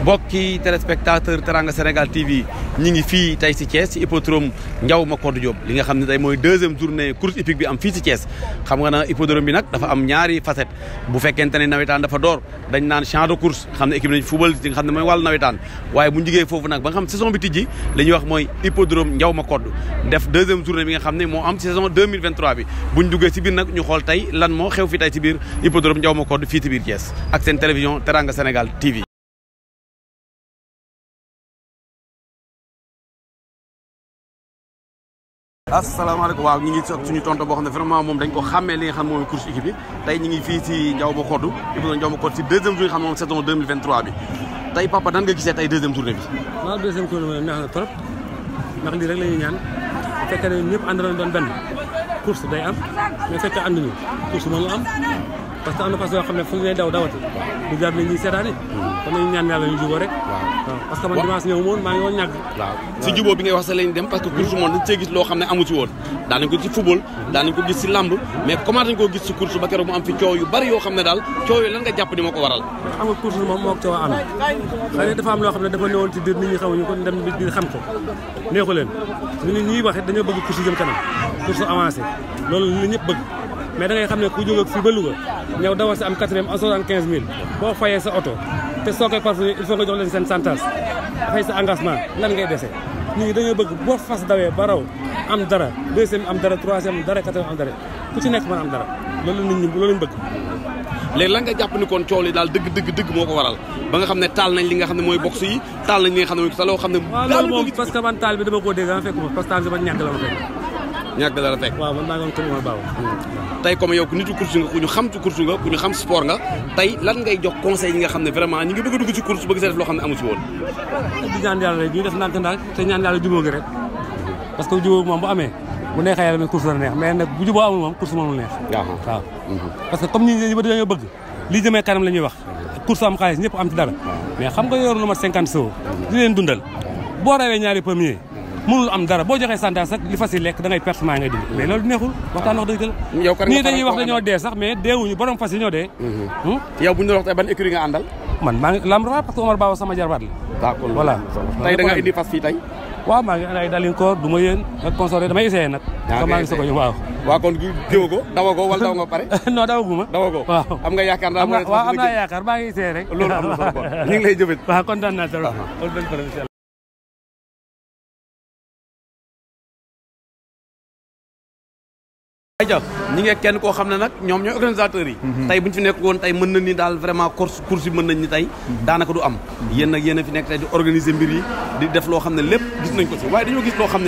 mbokki téléspectateur Teranga Sénégal TV ñi ngi fii tey si Thiès si hippodrome Ndiaw Macodou Diop li nga xam ne tey mooy deuxième journée course hippique bi am fii si Thiès xam nga na hippodrome bi nag dafa am ñaari facette bu fekkente ne nawetaan dafa door dañ naan champ de course xam ne équipe nañ football ci nga xam ne mooy wàllu bu ñu jigee nag ba nga xam saison bi tijji li ñuy wax mooy hippodrome Ndiaw Macodou def deuxième journée bi nga xam ne moo am saison 2023 bi bu ñu duggee si biir nag ñu xool tey lan moo xew fi tey si biir hippodrome Ndiaw Macodou fii si biir Thiès ak seen télévision Teranga Sénégal asalaamaaleykum waaw ñu ngi ci suñu tonton boo xam ne vraiment moom dañ ko xàmmee li xam moom course équipe bi tey ñu ngi fii ci Ndiaw ba Koddu Ibrahima Ndiaw ba Koddu ci deuxième journée xam moom moom neex na trop ndax lii rek la ñuy ñaan fekkee ne ñëpp ànd nañ doon benn course day am mais fekkee ànd course moom am parce que am na fas xam ne fu ñu lay daw dawati du jar ne ñuy seetaani hmm. kon nañu ñaan yàlla ñu jubóo rek parce que man dimanche ñëw moon maa ngi woon ñàkk waaw si jubóo bi ngay wax sa lañ dem parce que course moom dañ cee gis loo xam ne amu ci woon daanañ ko ko gis si lamb mais comment dañ koo gis si course ba ko waral a am xëy dafa am loo xam ne dafa newoon ci biir nit ñi xamuñu ko dem xam ko neexu leen ñuy waxee dañoo bëgg course jëm kanam course avancé loolu xam ne ku jóg ak fii ba Louga ñëw dawal si am quatrième boo fayee sa oto te soo koy parfumé il faut nga jox leen seen sentence fay sa engagement lan ngay dese nit ñi dañoo bëgg boo fas dawee ba raw am dara deuxième am dara troisième am dara quatrième am dara ku nekk mën am dara loolu nit ñi bëgg léegi lan nga jàpp ni kon coow li daal dëgg dëgg moo ko waral ba nga xam ne taal nañ li nga xam ne mooy box yi taal nañ mooy sa loo xam ne. moom parce man taal bi dama koo dégg ah fekk ma parce taal bi man la ma fekk ñàkk dara teg waaw man maa ngi woon comme mooy baaw hmm. tey comme yow ku nitu nga ku ñu xam course nga ku ñu xam sport nga tey lan ngay jox conseil yi nga xam ne vraiment ñu ngi bëgg a dugg ci course bëgg sa def loo xam moom bu amee bu neexee yàlla mais course la neex mais nag bu jubóo ah, ah. Hmm. la ñuy wax course xaalis ñëpp am ci dara hmm. mais xam nga yor lu mat cinquante soo di leen dundal boo rawee ñaari premier mënul am dara boo joxee santé sax li fas yi lekk da ngay perte maa ngay dund mais loolu neexul waxtaan wax dëgg la nii kan dañuy wax dañoo dee sax mais deewuñu borom fas yi ñoo dee mm-hmm. hmm? yow bu ñu wax tey ban écurie nga àndal man maa ngi lamb parce que Omar Bawa sama jarbaat la d'accord voilà tey da nga indi fas fii tey waaw maa ngi ay dalinkoor du ma yéen ak consoré damay essayé nag sa ah, maa ngi sogo ñu waaw waaw kon jiw ko dawa ko wala daw nga pare non guma. dawa ko waaw am nga yaakaar waaw am naa yaakaar maa ngi essayé rek loolu am na solo ñu ngi lay jëfit waaw kontaan naa trop ah, ah. aja ñi ngi kenn koo xam ne nag ñoom ñooy organisateurs yi mhm. tey bu ñu fi nekk woon tey na ni daal vraiment course course yi mën mhm. mhm. organiser mbir yi di def loo xam ne lépp gis course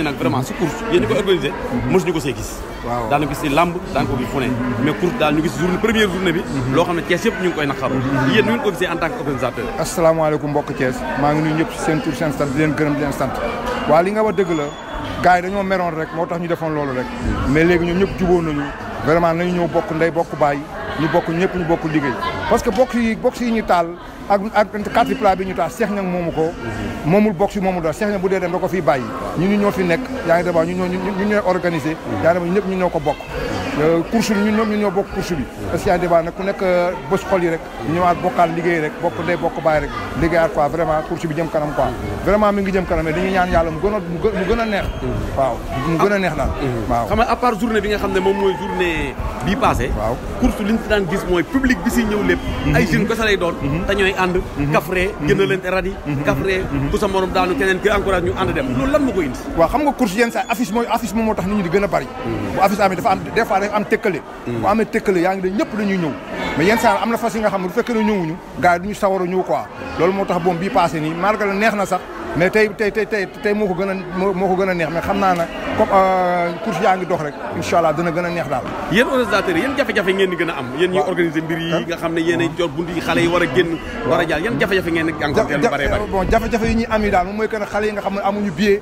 yéen ñu koy organiser mosuñu ko see gis waaw daana gis si mais course daal ñu gis journée première journée bi loo xam ne Thiès yëpp ñu ngi koy naqaru yéen ñu ngi ko gisee en tant que organisateur asalaamaaleykum mbokk Thiès maa ngi nuyu ñëpp seen tur seen leen gërëm di leen li nga wax dëgg la gars yi dañoo meroon rek moo tax ñu defoon loolu rek mais léegi ñoom ñëpp jubóo nañu vraiment nañu ñëw bokk ndey bokk baay ñu bokk ñëpp ñu bokk liggéey parce que bokk yi bokk yi ñu taal ak ak quatre plat bi ñu taal Cheikh Niang moomu ko moomul box yi moomu dara Cheikh Niang bu dee dem da ko fiy bàyyi ñu ñu ñoo fi nekk yaa ngi dabaa ñu ñoo ñu ñooy organisé yaa ngi dabaa ñëpp ñu ñoo ko bokk Euh, course bi ñun ñoom ñun ñoo bokk course bi parce que yaa débat nag ku nekk euh, bés xol yi rek ñëwaat bokkaat liggéey rek bokk day bokk bàyyi rek liggéeyaat quoi vraiment course bi jëm kanam quoi vraiment mi ngi jëm kanam mais dañuy ñaan yàlla mu gën a mu gën a neex waaw mu gën a neex daal mm-hmm. waaw xam nga à part journée bi nga xam ne moom mooy journée bii passé waaw course li ñu fi daan gis mooy public bi si ñëw lépp mm-hmm. ay jeunes kese lay doon mm-hmm. te ñooy ànd kafree gëna leen radi kafree ku sa morom daanu keneen ki encourage ñu ànd dem loolu lan ma ko indi waaw xam nga course yenn saa affiche mooy affiche moom moo tax nit ñi di gën a bari bu affiche amee dafa am des fois dañ am tëkkale bu amee tëkkale yaa ngi dañ ñëpp dañuy ñëw mais yenn saa am na fas yi nga xam ne bu fekkee ne ñëwuñu gars yi duñu sawar a ñëw quoi loolu moo tax boom bii passé nii malgré la neex na sax mais tey tey tey tey tey moo ko gën a moo ko gën a neex mais xam naa ne comme course yaa ngi dox rek incha allah dina gën a neex daal yéen organisateurs yéen jafe-jafe ngeen di gën a am yéen ñuy organiser mbir yi nga xam ne yéen ay jor bunt yi xale yi war a génn war a jàll yan jafe-jafe ngeen encore teel lu bare bare bon jafe-jafe yi ñuy am yi daal moom mooy que ne xale yi nga xam ne amuñu billet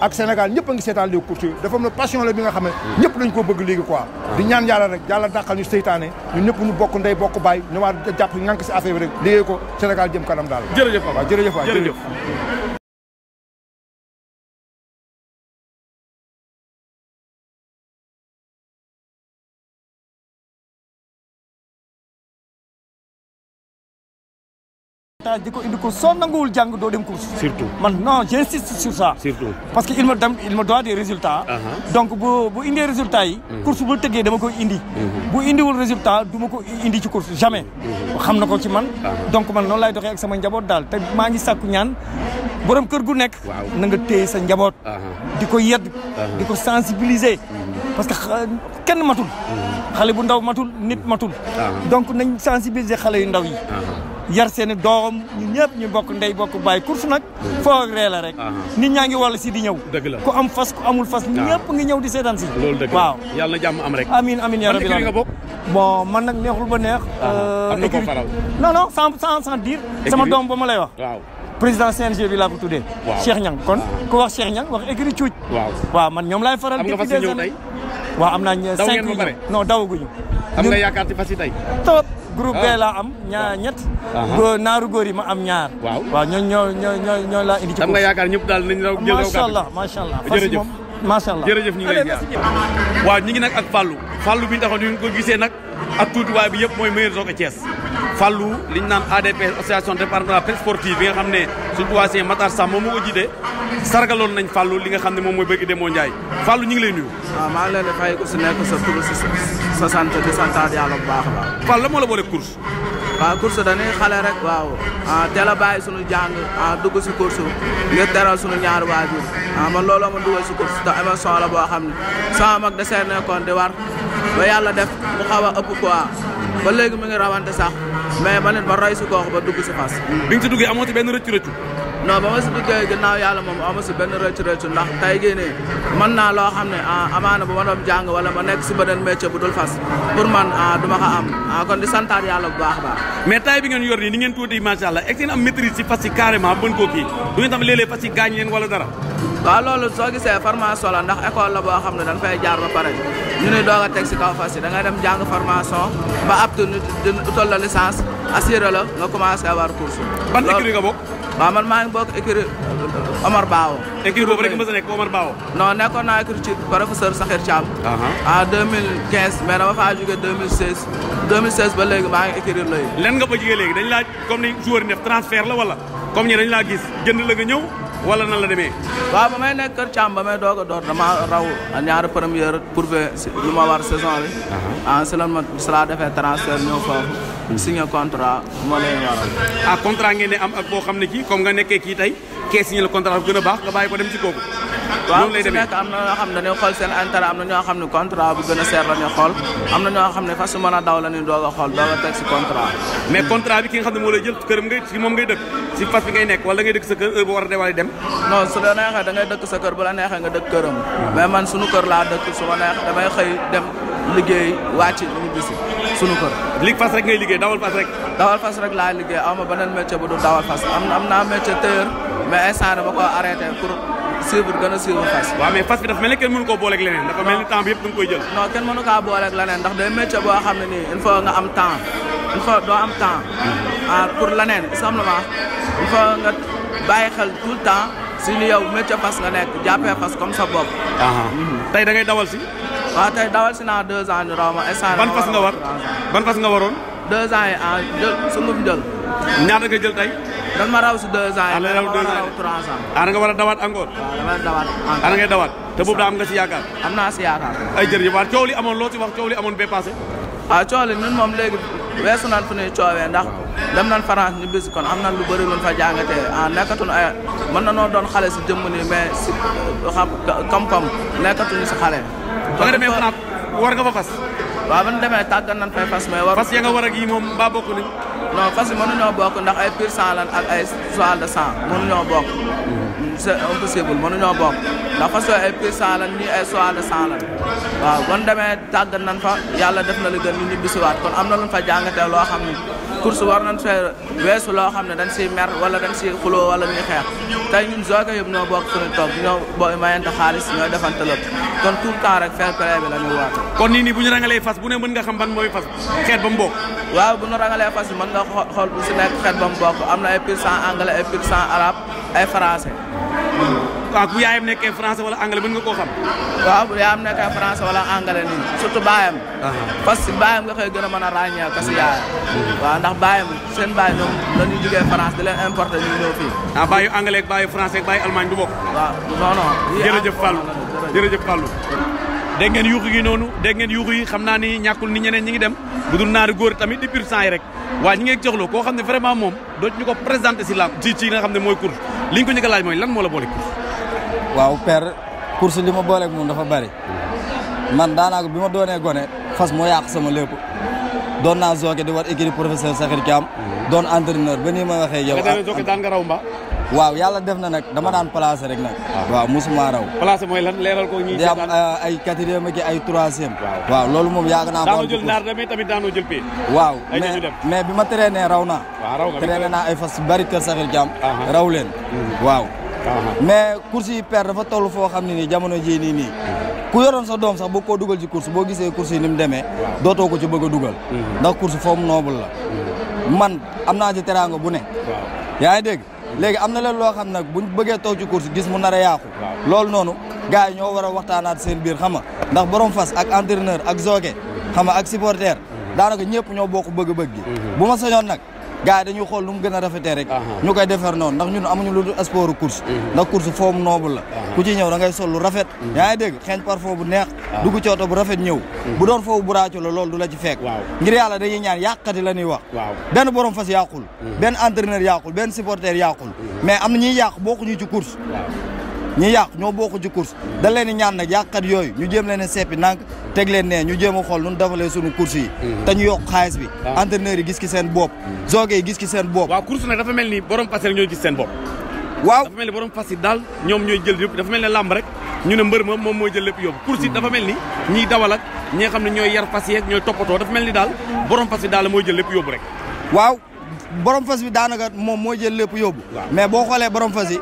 ak Sénégal ñëpp a ngi seetaan léegi course dafa am na passion la bi nga xam ne ñëpp dañ koo bëgg léegi quoi di ñaan yàlla rek yàlla dàqal ñu seytaane ñun ñëpp ñu bokk ndey bokk baay ñu war jàpp ñànk si affaire bi rek liggéey ko Sénégal jëm kanam daal jërëjëf waaw jërëjëf waaw jërëjëf tâche ko indi course soo nanguwul jàng doo dem course. surtout man non j'insiste sur ça. surtout parce que il me dem il me doit des résultats. Ah ah. donc bu bu indee résultats yi. Mhm. course bu tëggee dama indi. Mhm. bu indiwul résultat du ma ko indi ci course jamais. Mhm. xam na ko ci man. Ah donc man noonu lay doxee ak sama daal te maa ngi sàkku ñaan borom kër gu nekk. na nga téye sa njaboot. di ko yedd. di ko sensibiliser. parce que kenn matul. xale bu ndaw matul nit matul. donc nañ sensibiliser xale yu ndaw yi. yar seen doom ñu ñepp ñu bokk ndey bokk bay course nak fo ak reel la rek nit ñangi wal ci di ñew dëgg ku am fas ku amul fas ñepp nga ñew di sétan ci loolu dëgg waaw yalla jamm am rek amin amin ya rabbi nga bon man nak neexul ba neex am euh, non non sans sans sans dire sama doom ba ma lay wax waaw président CNG bi la ko tuddee Cheikh ñang kon ku wax Cheikh ñang wax écrit cuuj waaw waaw man ñom lay faral depuis des années waaw am naa non dawaguñu am nga yakarti fasitay top groupe B laa am ñaar ñett. naaru góor yi ma am ñaar. waaw waaw ñooñu ñoo ñoo ñoo laa indi. ci xam nga ñëpp daal nañu la jël macha allah macha allah fas moom macha allah jërëjëf ñu ngi ak Fallou Fallou bi ñu taxoon ñu gisee nag ak tuutiwaay bi yëpp mooy meilleur zone Thiès fàllu li ñu naan ADP association départementale presse sportive bi nga xam ne suñu doyen Matar moom moo ko jiite sargaloon nañ fàllu li nga xam ne moom mooy bëgg Demba Ndiaye fàllu ñu ngi lay nuyu. waaw ah, maa ngi leen di fay ku si nekk sa tur si sa sant di santaat yàlla bu baax a baax. fàllu la moo la boole course. waaw course dañuy xale rek waaw ah, teel a bàyyi sunu jàng ah, dugg si course ngir teral sunu ñaar waajur man looloo ma dugal ba yàlla def mu xaw a ëpp quoi ba léegi mu ngi rawante sax mais ma ne ba roy si ba dugg si bi nga ci duggee amoo ci benn rëccu non ba ma si dikkee gannaaw yàlla moom aw ma si benn rëcc rëcc ndax tey gii nii mën naa loo xam ne amaana bu ma doon jàng wala ma nekk si beneen métier bu dul fas pour man uh, du ma ko am kon uh, di santaat yàlla bu baax a baax mais tay bi ngeen yor nii ni ngeen tuuti macha allah est ce am maîtrise si fas yi carrément bën koo kii du ngeen tam léeg-léeg fas yi gaañ leen wala dara waaw loolu soo gisee formation la ndax école la boo xam ne dañ fay jaar ba pare ñu ne doog a teg si kaw fas yi da ngay dem jàng formation ba ab tu ñu utal la licence assuré la nga commencé avoir course ban écrit nga bokk waaw man maa ngi bokk écurie Omar Bao. écurie boobu rek mos a nekk Omar Bao. non nekkoon naa écurie ci professeur Sakhir Thiam. en 2015 mais dama faa jógee 2016. 2016 ba léegi maa ngi écurie léegi. lan nga fa jógee léegi dañ laa comme ni joueur yi def transfert la wala comme ni dañ laa gis jënd la nga ñëw. wala na la demee waaw ba may nekk kër Thiam ba may doog a door dama raw ñaari première pourfe lu ma war saison bi uh-huh. ah si lan ma si laa defee transfert ñëw foofu hmm. signé contrat moo leen waral ah contrat ngeen ne am ak boo xam comme nga nekkee kii tey kee signé le contrat bu gën a baax nga bàyyi ko dem si kooku waaw su nekk am na xam ne dañuy xool seen intérêt am na ñoo xam ne contrat bu gën seer la ñuy xool am na ñoo xam ne fas mën a daw la ñuy xool doog a contrat mais contrat bi ki nga xam ne moo lay jël këram ngay si moom mais man suñu kër laa dëkk su neex damay xëy dem liggéey wàcc ñu bisi sunu kër li fas rek ngay liggéey dawal fas rek dawal fas rek laa liggéey aw ma beneen métier bu dul dawal fas am am naa métier mais instant dama ko arrêté suivre gën a suivre fas. waaw mais fas bi dafa mel ni kenn mënu koo boole leneen dafa mel ni temps bi yëpp da nga jël. non kenn mënu kaa boole leneen ndax day métier boo xam ne nii il nga am temps il faut doo am temps mhm. ah pour leneen simplement il faut nga bàyyi xel tout le temps si li yow métier fas nga nekk jàppee fas comme sa bopp. Mhm. tey da dawal si. waaw tey dawal si naa deux ans ni romb instant. ban fas nga war ban fas nga waroon. deux ans yi ah jël sunguf jël. ñaata nga jël dan ma raw si deux ans. da nga raw trois ans. ah da nga war a dawaat encore. waaw nga war a dawaat encore. ah da ngay dawaat te boobu daa nga si yaakaar. am naa ay jërëjëf waat coow li amoon loo si wax coow li amoon bee passé. ah coow li ñun moom léegi weesu naan fu ñuy ndax dem nañ France ñu bis kon am nañ lu bëri luñ fa jàngatee ah nekkatuñu ay mën na noo doon xale si jëmm nii mais si euh, xam kam-kam nekkatuñu si xale. war nga fa fas. waaw ba ñu demee tàggat nañ fay fas mais war. fas ya nga war ak yi moom mbaa bokk nañ non fas yi mënuñoo bokk ndax ay pur sang lan ak ay soixante de sang mënuñoo bokk. Mm-hmm. c'est impossible mënuñoo bokk ndax fas yooyu ay pur sang lan ñii ay soixante de sang lan. waaw kon demee tàggat nan fa yàlla def na lu gën ñu ñibbisiwaat kon am na luñ fa jàngatee loo xam ni course war nañ fee weesu loo xam ne dañ siy mer wala dañ siy xuloo wala ñuy xeex tey ñun zooke yëpp ñoo bokk fu ñu toog ñoo booy mayante xaalis ñooy defante lépp kon tout le temps rek fair play bi la kon nii bu ñu rangalee fas bu ne mën nga xam ban mooy fas xeet ba mu bokk waaw bu ñu rangalee fas bi nga xool bu si nekk xeet ba mu am na ay pur cent anglais ay pur cent ay français waaw bu yaayam nekkee français wala anglais mën nga koo xam. waaw bu yaayam nekkee français wala anglais nii surtout baayam. parce que baayam nga koy gën a mën a ràññee kasi yaayam. Mhm. waaw ndax baayam seen baay ñoom la ñuy jugee France di leen importer ñu fii. ah baayu anglais ak baayu almaañ du bokk. waaw non non. jërëjëf noonu dégg ngeen yuuxu yi xam naa ni ñàkkul ni ngi dem bu dul naari tamit di pur sang yi rek waa ñi ngeeg joxlo koo xam ne vraiment moom dootu ñu ko présenté si la ci ci xam ne mooy course li ñu ko njëkk a la waaw per course li ma booleeg moom dafa bari man daanaka bi ma doonee gone fas moo yàq sama lépp doon naa zooke di war équipe professeur Sakhir Thiam doon entraîneur ba nii ma waxee yow daan nga raw mba waaw yàlla def na nag dama daan placé rek nag ah. waaw musuma raw placé mooy lan leeral ko ñuy am euh, ay quatrième ak ay troisième waaw loolu moom yàgg naa daanoo jël naar mais tamit daanoo jël pay waaw mais bi ma traîné raw naa ah, traîné naa ay fas bari kër Sakhir Thiam ah, raw leen mm. waaw mais course yi père dafa toll foo xam ne nii jamono jii nii nii ku yoroon sa doom sax boo koo dugal ci course boo gisee course yi ni mu demee dootoo ko ci bëgg a dugal mhm. ndax course foofu noobul la mhm. man am naa ci teraanga bu ne yaa ngi dégg léegi am na leen loo xam nag buñ bëggee toog ci course gis mu nar a yàqu loolu noonu gars yi ñoo war a waxtaanaat seen biir xam nga ndax borom fas ak entraîneur ak jockey xam nga ak supporter mhm. daanaka ñëpp ñoo boo bëgg-bëgg gi bu ma sañoon nag gars yi dañuy xool nu mu gën a rafetee rek ñu koy defar noonu ndax ñun amuñu lu dul sport course mhm. ndax course forme noble la ku ci sol lu rafet mhm. yaa ngi dégg xeeñ bu neex dugg ci bu rafet ñëw mhm. bu doon foofu bu raacu la du la ci fekk ngir yàlla dañuy ñaan yàqati la ñuy borom fas yàqul benn entraîneur yàqul benn supporter yàqul mais am na ñuy yàq bokkuñu ñi yàq ñoo bokk ci course da leen di ñaan nag kat yooyu ñu jéem leen a seppi nank teg leen ne ñu jéem a xool nun defalee suñu course yi mhm. te ñu yokk xaalis bi ah. entraîneurs yi gis ki seen bopp mhm. joge yi gis ki seen bopp waaw course nag dafa mel ni borom fas ñooy gis seen bopp waaw dafa mel ni borom fas yi daal ñoom ñooy jël yëpp dafa mel ne làmb rek ñu ne mbër ma moom mooy jël lépp yóbbu course mhm. dafa mel ni ñiy dawal ak xam ne ñooy yar fas yeeg ñooy toppatoo dafa mel ni daal borom fas yi daal moo jël lépp yóbbu borom fas bi daanaka moom moo jël lépp yóbbu. mais boo xoolee borom fas yi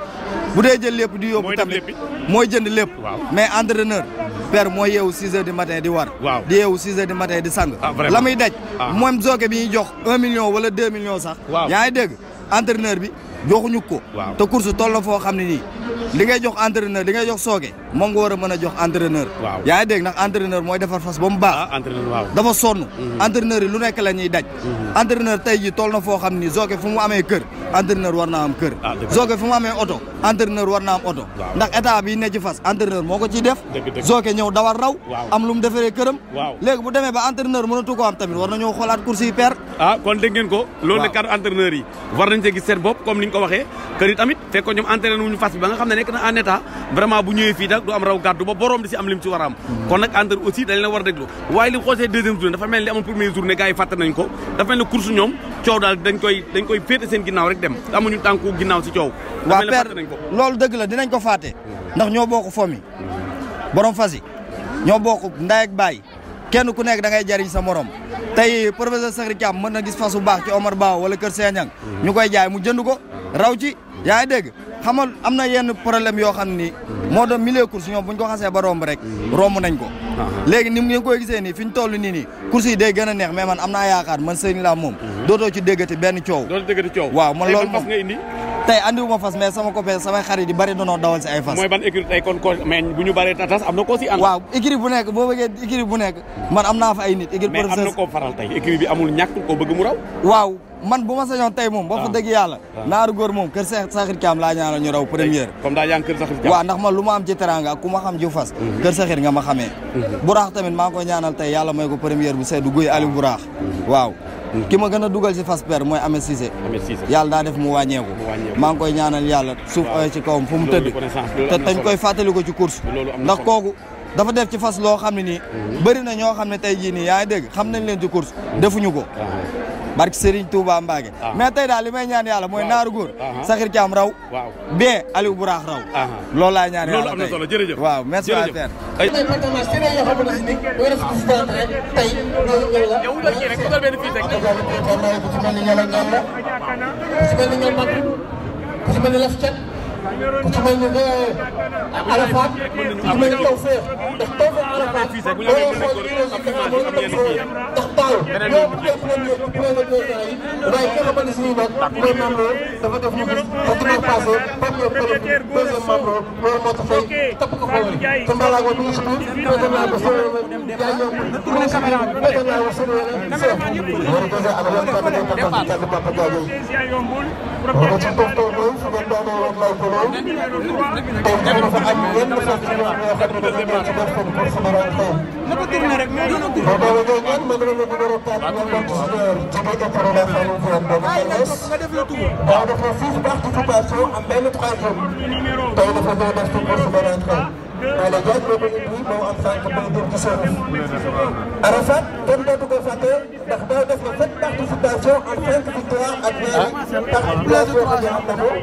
bu dee jël lépp di yóbbu tamit moo jënd lépp. mais entraîneur père mooy yeewu 6 heures du matin di war. di yeewu 6 heures du matin di sang. Ah, la muy daj. Ah. moom zooke bi ñuy jox 1 million wala deux million sax. waaw yaa ngi dégg entraîneur bi. joxuñu ko. waaw te course toll na foo xam ne nii li ngay jox entraîneur li ngay jox sooge moom nga war a mën a jox entraîneur. waaw yaa ngi dégg ndax entraîneur mooy defar fas ba mu baax. ah entraîneur waaw dafa sonn. Mhm. entraîneur lu nekk la ñuy daj. Mhm. entraîneur tey jii toll na foo xam ni sooge fu mu amee kër entraîneur war naa am kër. ah sooge fu mu amee oto entraîneur war naa am oto. ndax état bi ne fas entraîneur moo ko ciy def. sooge ñëw dawal raw. am lu mu defaree këram. léegi bu demee ba entraîneur mënatu ko am tamit war nañoo xoolaat course yi ah kon dégg ngeen ko. loolu ne cadre entraîneur nañ see gis seen bopp ko waxee. kër yi tamit fekk ñoom entraîné wuñu fas bi ba nga xam ne nekk na en état vraiment bu ñëwee fii nag am raw gàddu ba si a am. Hmm. kon nag entraîneur aussi dañ leen war a déglu. waaye li xoosee deuxième yi fàtte nañ ko dafa mel ni course dëgg la dinañ ko fàtte. ndax ñoo bokk fomi borom fas ñoo bokk ndaay ak baay kenn ku nekk da ngay jariñ sa morom tey professeur Sakhri Thiam mën gis fas bu baax ci Omar Ba wala Kër Seeñang mhm. ñu koy jaay mu jënd ko raw ci yaa ngi dégg xamal am na yenn problème yoo xam ni moo doon milieu course ñoom bu ñu ko xasee ba romb rek mhm. romb nañ ko ah, ah. léegi ni ngeen koy gisee nii fi ñu a neex mais man am naa yaakaar man laa moom mhm. dootoo ci déggati benn coow dootoo déggati coow waaw man loolu moom Tay, andi andiwuma fas mais sama copain sama xarit di bari no dawal ci ay fas. moy ban écrit tey kon ko mais buñu bari baree tatas amna ko ci si waaw écrit bu nek bo bëgge écrit bu nek man amna fa ay nit. professeur mais amna ko faral tay écrit bi amul ñak ko bëgg mu raw. waaw man bu ma sañoon tey moom. ba fa ah. dëgg yalla ah. naar goor mom keur cheikh Saxir kiam la ñaanal ñu raw premier comme da yaa keur kër Saxir Caam. waaw ndax man luma am ci teranga ku ma xam ju fas. Mhm. keur Saxir nga ma xame mhm. bu raax tamit ma ko ñaanal tay yalla may ko premier bu seddu guy Aliou bu raax mhm. waaw ki ma gën dugal ci fass per mooy Ahmed Cissé yàlla daa def mu wàññeeku maa ngi koy ñaanal yàlla suuf ay ci kawam fu mu tëdd te dañ koy fàttali ko ci course ndax kooku dafa def ci fas loo xam ne nii mhm. bëri na ñoo xam ne tey jii nii yaa ngi dégg xam nañ leen ci course defuñu ko ah, barke Serigne Touba Mbacke ah. mais tey daal li may ñaan yàlla mooy naaru góor ah, ah. Sakhir Thiam raw waaw bien Aliou Bouraax raw loolu laa ñaan yàlla tey jërëjëf ku ci mel ni ne Arafat ku mel ni Tawfekh ndax Tawfekh Arafat boo leen xool région ndax Tall ñoom def nañu yëpp président yi waaye ki nga xam ne si nag mooy membre dafa def ñu gis pratiquement passé premier premier deuxième membre loolu moo tax fay topp ko xool te Mbalago bi ngi tudd président la ko sëñ yaa ñëw mu ne caméra bi président la ko sëñ yaa sëñ loolu dèjà Arafat dafa nekk Papa Diagne boo ko ci toog toog fu ngeen daanee woon laay ko Arafat kenn dootu ko fàtte ndax daaw def na sept participation en cinq victoires ak ñaari participation ak ñaari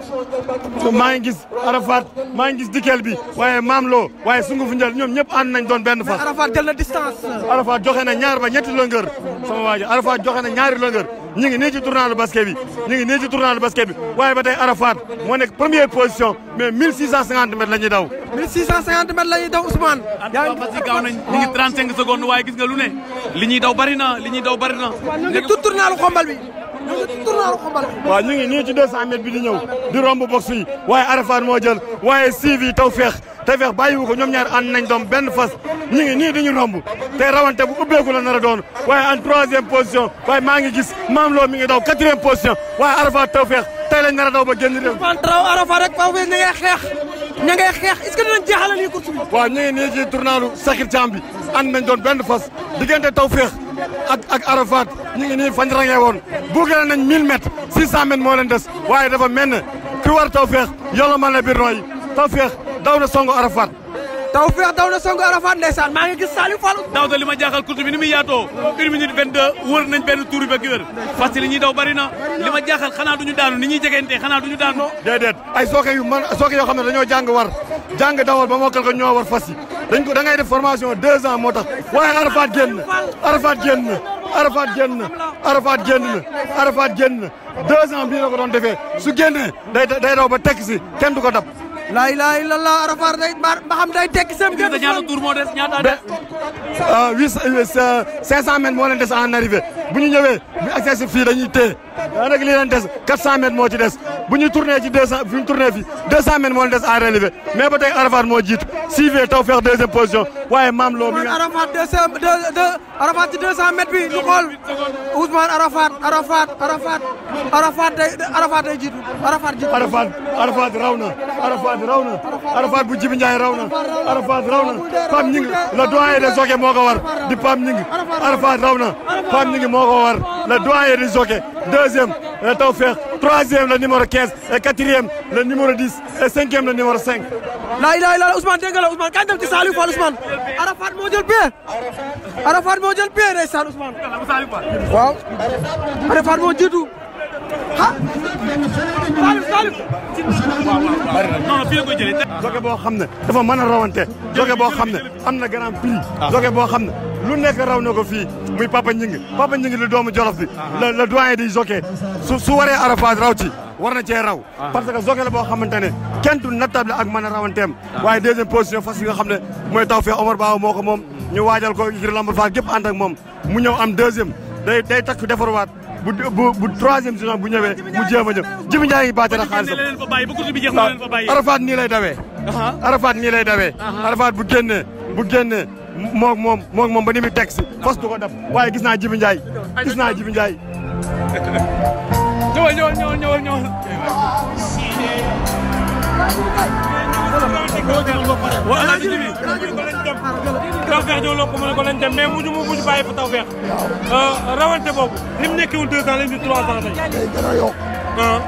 maa ngi gis Arafat maa ngi gis Dikel bi waaye Maam Lo waaye Sungufu Njël ñoom ñëpp ànd nañ doon benn fas. mais Arafat na distance. Arafat joxe ñaar ba ñetti longueur sama waa ji Arafat ñaari longueur ñu ngi nii ci basket bi ñu ngi nii ci basket bi waaye ba tey Arafat moo nekk première position mais 1650 mètres la ñuy daw. 1650 daw Ousmane. yaa daw bari na daw bari na. léegi xombal bi. waaw ñu ngi nii ci 200 mètres bi di ñëw di romb box yi waaye Arafat moo jël waaye suivi yi Tawfekh Tawfekh bàyyiwu ko ñoom ñaar ànd nañ doom benn fas ñu nii di ñu romb te rawante bu ubbeeku nar a doon waaye en troisième position waaye maa gis maam loo ngi daw quatrième position waaye Arafat Tawfekh tey lañ nar a daw ba génn réew. Arafat rek Tawfekh ñu ngi ña ngay xeex est-ce que dinañ jeexalal bi waaw ñu ngi nii ci tournalu Sakir Thiam bi ànd nañ doon benn fas diggante Tawféex ak ak Arafat ñu ngi nii fañ rangee woon buggale nañ 1000 mètres 600 mètres moo leen des waaye dafa mel ne ki war Tawféex yolo mën na biir nooy Tawféex daw songo Arafat Tawfekh daw na songu Arafat ndeysaan maa ngi gis Saliou Fall daw da li ma jaaxal course bi ni muy yaatoo une minute vingt deux wër nañ benn tour ba kër parce que li ñuy daw bari na li ma jaaxal xanaa duñu daanu ni ñuy jegente xanaa duñu daanu déedéet ay sooke yu man sooke yoo xam ne dañoo jàng war jàng dawal ba mokkal ko ñoo war fas yi dañ ko da ngay def formation deux ans moo tax waaye Arafat génn na Arafat génn na Arafat génn na deux ans bii ko doon defee su génnee day day daw ba tekk si kenn du ko dab laa ilaaha illallah Arafat day ba xam day tekki sam gën. ñaata tour moo des ñaata des. Ah, moo leen des en arrivé bu ñu ñëwee bu ñu accès fii dañuy téye daanaka li leen des quatre cent mètres moo ci des bu ñu tourné ci deux cent bu ñu tourné fii deux cent mètres moo leen des en relevé mais ba tey Arafat moo jiitu suivi Tawfekh deuxième position waaye maam loo. mi nga Arafat Arafat ci deux cent bi ñu xool Ousmane Arafat Arafat Arafat Arafat day Arafat day jiitu Arafat jiitu. Arafat raw na Arafat bu Jibi Ndiaye raw na Arafat raw na Pape Ñing le doyen des jockeys moo ko war di Pape Ñing Arafat raw na Pape Ñing moo ko war le doyen des jockeys deuxième le Tawfekh troisième le numéro 15 et quatrième le numéro 10 et cinquième le numéro 5. laa ilaaha illallaah Ousmane dégg dem ci Saliou Fall Ousmane Arafat moo jël pee Arafat moo jël pee ndeysaan Ousmane waaw Arafat moo jiitu ah. non fii la koy jëlee. joge boo xam ne dafa mën a rawante. joge boo xam ne am na grand prix. Ah. joge boo xam ne lu nekk raw na ko fii muy Papa Ñing Papa Ñing la doomu Jolof bi. la ah. la doyen di joge su su waree Arafat raw ci war na cee raw. Ah. parce que joge la boo xamante ne kenn du nattable ak mën a rawanteem. waaye deuxième position fas yi nga xam ne mooy taw fee Omar Ba moo ko moom. ñu waajal ko ngir lamb faal gépp ànd ak moom mu ñëw am deuxième day day takk defarwaat. bu bu bu troisième saison bu ñëwee mu jéem a ñëw Jimi Ndiaye ngi baatee na xaalisam Arafat nii lay dawee Arafat nii lay dawee Arafat bu génnee bu génnee moom moom moom moom ba ni muy teg si fas du ko def waaye gis naa Jimi Ndiaye gis naa Jimi Ndiaye ñëwal ñëwal ñëwal ñëwal ñëwal waa tawfeex joo loo ko mën a ko lañ dem mais muñu mu muñu bàyyi fa tawfeex rawante boobu li mu nekkewul deux ans lañ di trois ans tey day gën a yokk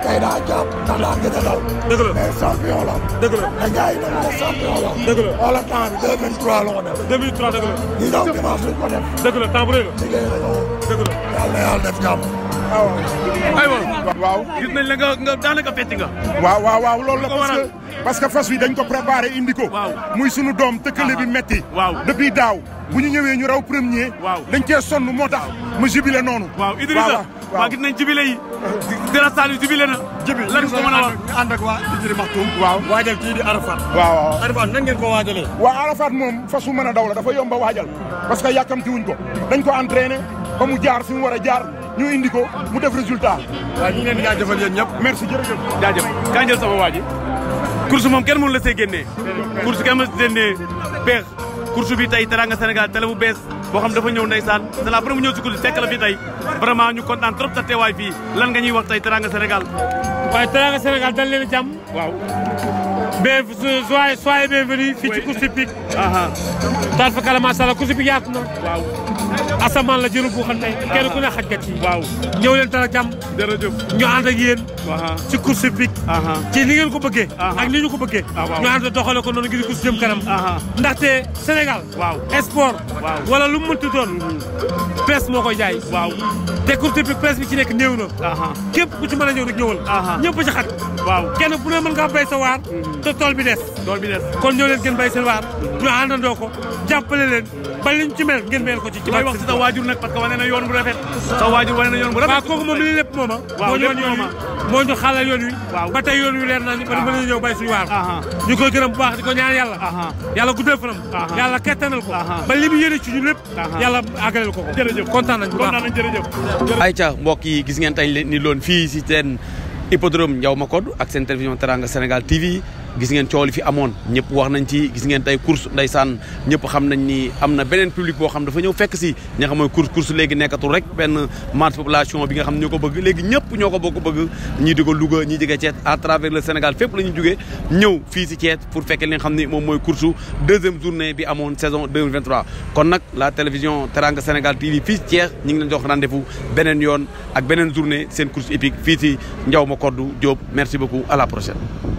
tey daa jàpp ndax daa gën a daw dëgg la mais champion la dëgg la da gars yi dañ ne champion la dëgg la wala temps bi deux mille trois la ko def deux mille trois dëgg la ñu daw dimanche lañ ko def dëgg la temps bu rëy la liggéey la dëgg la yàlla yàlla def jàmm Wow, wow, wow. gis nañ la nga Wow, wow, wow. nga waaw waaw waaw loolu la parce que Wow. que fas wi dañ ko Wow. indi ko muy sunu doom tëkkale Wow. metti depuis daaw bu ñu Wow. ñu raw premier dañ cee sonn moo tax mu jibile noonu waaw Idrissa Wow. gis nañ jibile Wow, wow. saalu jibile na jibi lan ko mën a wax ànd ak waa Idri Maxtum waaw waajal kii di Arafat waaw waaw Arafat nan ñu indi mu def résultat. waaw ñu ngi di jaajëfal yéen ñëpp. merci jërëjëf. jaajëf kaa jël sama waa ji. moom kenn mënu la see génnee. course kenn mënu la see génnee bi tey Teranga Sénégal télé bu bees boo xam dafa ñëw ndeysaan c'est la première ñëw si course fekk la fi tey vraiment ñu kontaan trop sa teewaay fii lan nga ñuy wax tey Teranga Sénégal. waaye Teranga Sénégal dal leen jàmm. waaw. bien soyez soyez bienvenue fii ci course hippique. daal fa kàlla macha allah course hippique na. waaw asamaan la jëlu bu xam ne. kenn ku ne xajkat yi. waaw ñëw leen dara jàmm. jërëjëf ñu ànd ak yéen. ci course hippique. ci ni ngeen ko bëggee. ak ni ñu ko bëggee. Ah, ñu ànd doxale ko noonu ngir course jëm kanam. ndaxte Sénégal. waaw sport. wala lu mu mënti doon. Mm-hmm. presse moo koy jaay. waaw te course hippique presse bi ci nekk néew na. képp ku ci mën a ñëw rek ñëwal. ñëpp ci xat. waaw kenn bu ne mën ngaa béy sa waar. Mm-hmm. te tool bi des. tool bi kon ñoo leen gën bay seen ñu àndandoo ko jàppale leen ba liñ ci mel ngeen mel ko ci. ci looy waajur nag parce que wane yoon bu rafet. sa waajur wane yoon bu rafet. waaw kooku moom li lépp moom a. waaw lépp moom a moo ñu xaalal yoon wi. waaw ba tey yoon wi leer naa ni ba ah. mën a ñëw bay ah. ñu koy gërëm bu baax di ko ñaan yàlla. Ah. yàlla guddal fanam. yàlla kettanal ko. ba li mu yéene ci ñun lépp. yàlla àggaleel ko ko. jërëjëf kontaan nañu kontaan nañu jërëjëf. ayca mbokk yi gis ngeen tey ni loon fii si seen hippodrome Ndiaw Macodou ak seen télévision Teranga Sénégal TV gis ngeen coow fi amoon ñëpp wax nañ ci gis ngeen tey course ndeysaan ñëpp xam nañ ni am na beneen public boo xam dafa ñëw fekk si ña xam mooy course course léegi nekkatul rek benn masse population bi nga xam ñoo ko bëgg léegi ñëpp ñoo ko bokk bëgg ñi di ko Louga ñi Thiès à travers le Sénégal fépp la ñuy jógee ñëw fii si Thiès pour fekkee li nga xam ni moom mooy course deuxième journée bi amoon saison 2023 kon nag la télévision Teranga Sénégal TV fii si Thiès ñu ngi leen jox rendez-vous beneen yoon ak beneen journée seen course épique fii si Ndiaw Macodou Diop merci beaucoup à la prochaine